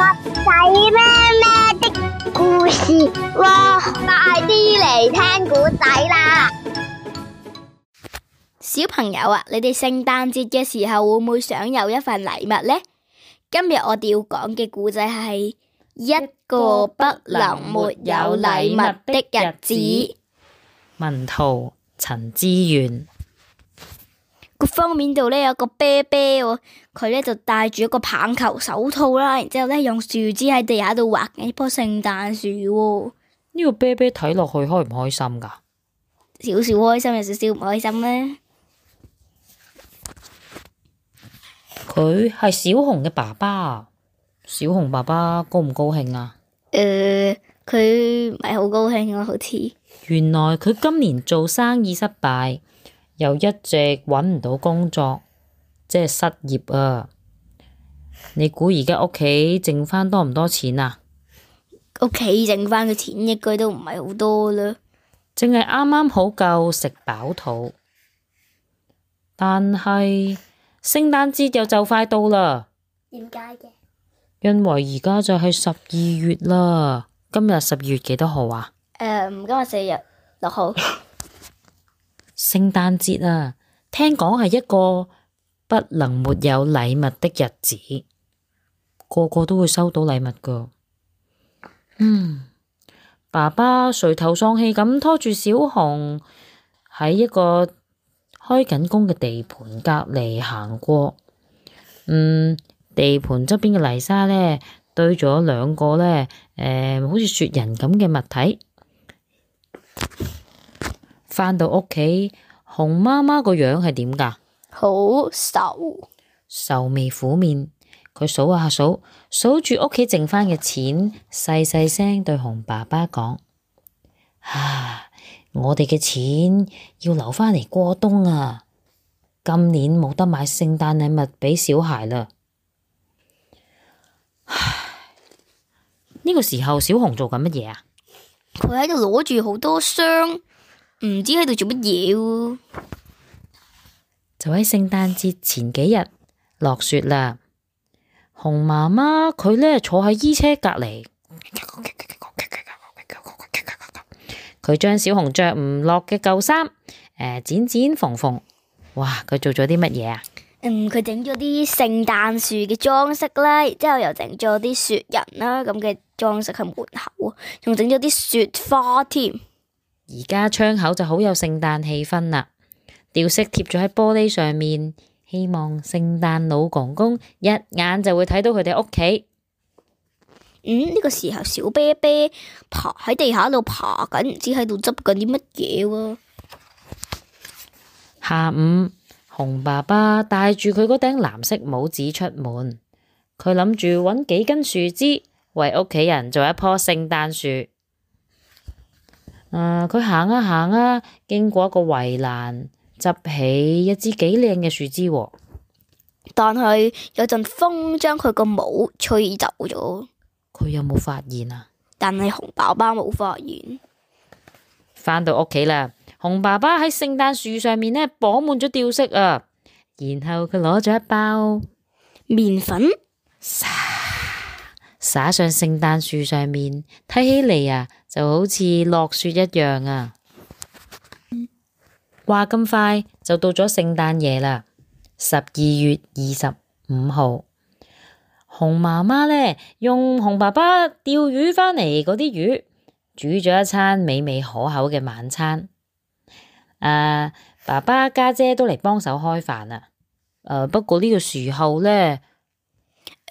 仔咩咩的故事喎，快啲嚟聽古仔啦！小朋友啊，你哋聖誕節嘅時候會唔會想有一份禮物呢？今日我哋要講嘅古仔係一個不能沒有禮物的日子。文圖：陳致元。個封面度咧，有個啤啤，佢咧就戴住一個棒球手套啦，然之後咧用樹枝喺地下度畫緊一棵聖誕樹喎。呢個啤啤睇落去開唔開心噶少少開心，有少少唔開心咧。佢係小熊嘅爸爸，小熊爸爸高唔高興啊？誒、呃，佢唔係好高興咯，好似。原來佢今年做生意失敗。又一直揾唔到工作，即係失業啊！你估而家屋企剩返多唔多錢啊？屋企剩返嘅錢應該都唔係好多啦。淨係啱啱好夠食飽肚，但係聖誕節又就快到啦。點解嘅？因為而家就係十二月啦。今日十二月幾多號啊？誒，um, 今日四月，六號。 聖誕節啊，聽講係一個不能沒有禮物的日子，個個都會收到禮物噶。嗯，爸爸垂頭喪氣咁拖住小熊喺一個開緊工嘅地盤隔籬行過。嗯，地盤側邊嘅泥沙呢，堆咗兩個呢，誒、呃，好似雪人咁嘅物體。翻到屋企，熊媽媽個樣係點噶？好愁，愁眉苦面。佢數下數，數住屋企剩翻嘅錢，細細聲對熊爸爸講：啊，我哋嘅錢要留翻嚟過冬啊！今年冇得買聖誕禮物畀小孩啦。唉，呢個時候小熊做緊乜嘢啊？佢喺度攞住好多箱。唔知喺度做乜嘢哦，就喺聖誕節前幾日落雪啦。熊媽媽佢咧坐喺衣車隔籬，佢將小熊着唔落嘅舊衫，誒、呃、剪剪縫縫，哇佢做咗啲乜嘢啊？嗯，佢整咗啲聖誕樹嘅裝飾啦，之後又整咗啲雪人啦咁嘅裝飾喺門口，仲整咗啲雪花添。而家窗口就好有聖誕氣氛啦，吊飾貼咗喺玻璃上面，希望聖誕老公公一眼就會睇到佢哋屋企。嗯、呢、這個時候小啤啤爬喺地下度爬緊，唔知喺度執緊啲乜嘢喎。下午，熊爸爸帶住佢嗰頂藍色帽子出門，佢諗住揾幾根樹枝為屋企人做一棵聖誕樹。誒，佢行、嗯、啊行啊，經過一個圍欄，執起一支幾靚嘅樹枝，但係有陣風將佢個帽吹走咗。佢有冇發現啊？但係熊爸爸冇發現。翻到屋企啦，熊爸爸喺聖誕樹上面咧綁滿咗吊飾啊，然後佢攞咗一包麵粉。灑上聖誕樹上面，睇起嚟啊，就好似落雪一樣啊！話咁快就到咗聖誕夜啦，十二月二十五號，熊媽媽咧用熊爸爸釣魚返嚟嗰啲魚，煮咗一餐美味可口嘅晚餐。誒、啊，爸爸家姐、姐都嚟幫手開飯啦、啊。不過呢個時候咧。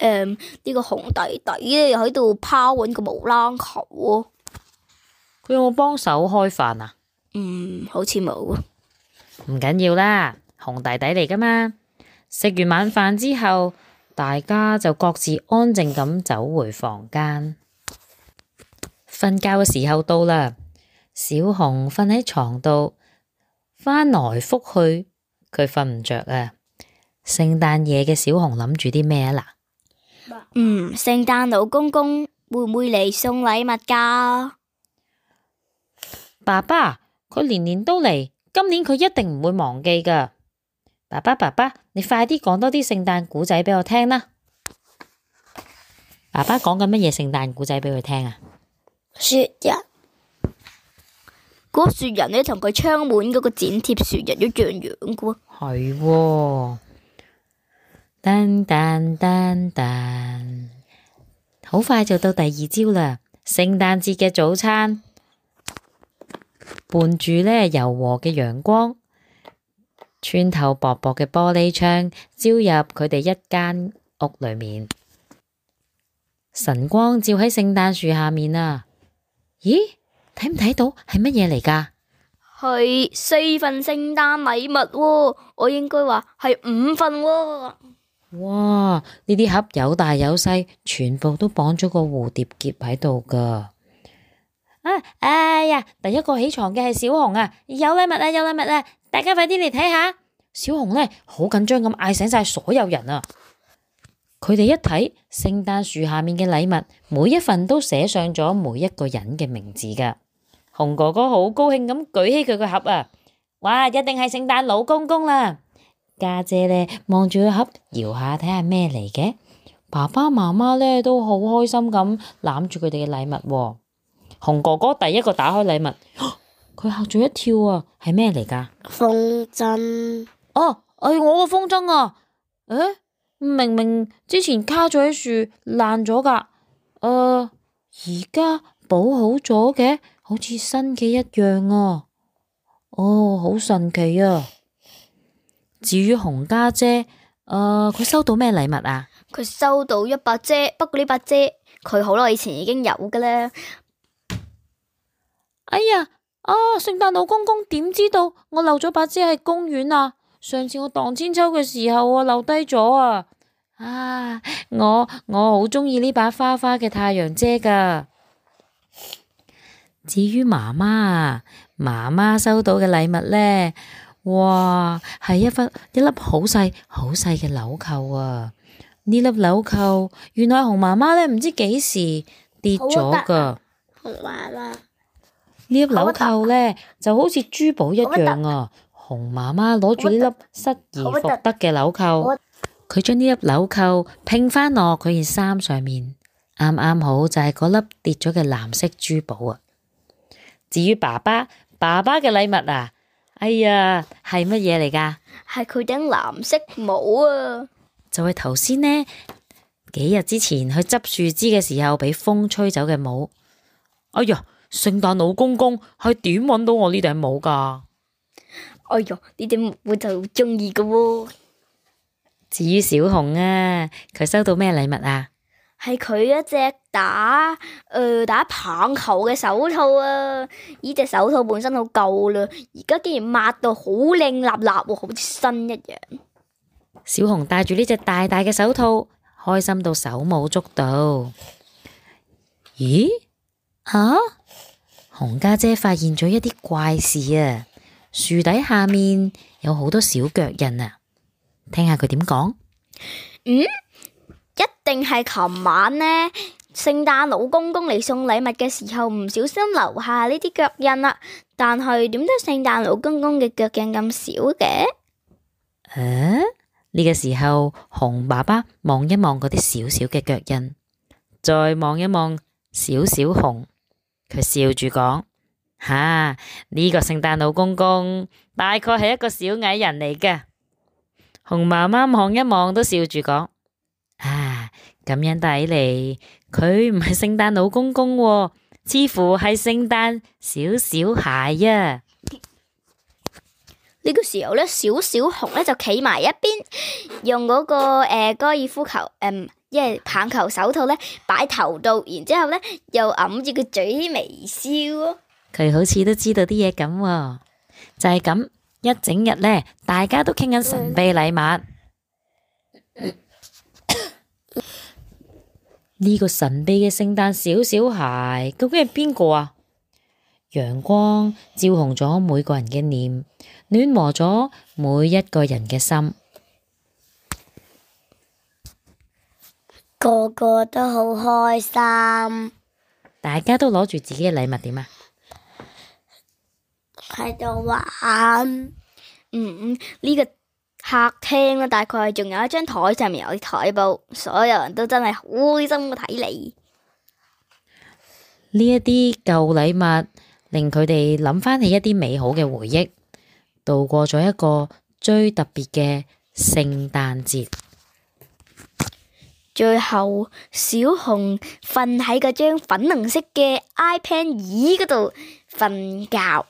誒，呢、嗯這個熊弟弟咧，喺度拋緊個毛冷球哦。佢有冇幫手開飯啊？嗯，好似冇。唔緊要啦，熊弟弟嚟噶嘛。食完晚飯之後，大家就各自安靜咁走回房間。瞓覺嘅時候到啦，小熊瞓喺床度，翻來覆去，佢瞓唔着啊。聖誕夜嘅小熊諗住啲咩啊？嗱。嗯，聖誕老公公，會唔會嚟送禮物㗎？好快就到第二朝啦！聖誕節嘅早餐，伴住呢柔和嘅陽光，穿透薄薄嘅玻璃窗，照入佢哋一間屋裏面。晨光照喺聖誕樹下面啊！咦，睇唔睇到？係乜嘢嚟㗎？係四份聖誕禮物喎，我應該話係五份喎，哦。哇！呢啲盒有大有細，全部都綁咗個蝴蝶結喺度噶。啊哎呀，第一個起床嘅係小紅啊，有禮物啦，有禮物啦！大家快啲嚟睇下。小紅呢好緊張咁嗌醒晒所有人啊。佢哋一睇聖誕樹下面嘅禮物，每一份都寫上咗每一個人嘅名字噶。紅哥哥好高興咁舉起佢個盒啊！哇，一定係聖誕老公公啦～家姐咧，望住個盒搖下，睇下咩嚟嘅，爸爸媽媽咧都好開心咁攬住佢哋嘅禮物，哦。熊哥哥第一個打開禮物，佢吓咗一跳箏啊！係咩嚟噶？風箏哦，係我個風箏啊！誒，明明之前卡咗喺樹爛咗噶，而、呃、家補好咗嘅，好似新嘅一樣啊！哦，好神奇啊！至於洪家姐，姐，誒、呃，佢收到咩禮物啊？佢收到一把遮，不過呢把遮佢好耐以前已經有嘅啦。哎呀，哦、啊，聖誕老公公點知道我留咗把遮喺公園啊？上次我盪千秋嘅時候我、啊、留低咗啊！啊，我我好中意呢把花花嘅太陽遮噶。至於媽媽啊，媽媽收到嘅禮物呢？哇，係一,一粒好細好細嘅紐扣啊！呢粒紐扣原來熊媽媽咧唔知幾時跌咗噶。熊媽媽呢粒紐扣咧就好似珠寶一樣啊！熊媽媽攞住呢粒失而復得嘅紐扣，佢將呢粒紐扣拼翻落佢件衫上面，啱啱好就係嗰粒跌咗嘅藍色珠寶啊！至於爸爸，爸爸嘅禮物啊～哎呀，係乜嘢嚟噶係佢頂藍色帽啊！就係頭先呢幾日之前去執樹枝嘅時候，俾風吹走嘅帽。哎呀，聖誕老公公係點揾到我呢頂帽噶哎呀，呢頂帽我就好中意噶喎。至於小熊啊，佢收到咩禮物啊？係佢一隻打誒、呃、打棒球嘅手套啊！呢隻手套本身好舊啦，而家竟然抹到好靚立立，好似新一樣。小熊戴住呢隻大大嘅手套，開心到手舞足蹈。咦？吓、啊？熊家姐、姐發現咗一啲怪事啊！樹底下面有好多小腳印啊！聽下佢點講？嗯。一定係琴晚呢聖誕老公公嚟送禮物嘅時候唔小心留下呢啲腳印啦。但係點解聖誕老公公嘅腳印咁少嘅？誒，呢個時候熊爸爸望一望嗰啲小小嘅腳印，再望一望小小熊，佢笑住講：吓呢個聖誕老公公大概係一個小矮人嚟嘅。熊媽媽望一望都笑住講：唉。咁樣睇嚟，佢唔係聖誕老公公，似乎係聖誕小小孩啊！呢個時候咧，小小熊咧就企埋一邊，用嗰個誒高爾夫球，誒，即係棒球手套咧擺頭度，然之後咧又揞住個嘴微笑。佢好似都知道啲嘢咁，就係咁。一整日咧，大家都傾緊神秘禮物。呢個神秘嘅聖誕小小孩究竟係邊個啊？陽光照紅咗每個人嘅臉，暖和咗每一個人嘅心，個個都好開心。大家都攞住自己嘅禮物點啊？喺度玩，嗯，呢、嗯呢個。客廳啦，大概仲有一張台，上面有啲台布，所有人都真係好開心睇你。呢一啲舊禮物令佢哋諗翻起一啲美好嘅回憶，度過咗一個最特別嘅聖誕節。最後，小熊瞓喺嗰張粉紅色嘅 iPad 椅嗰度瞓覺。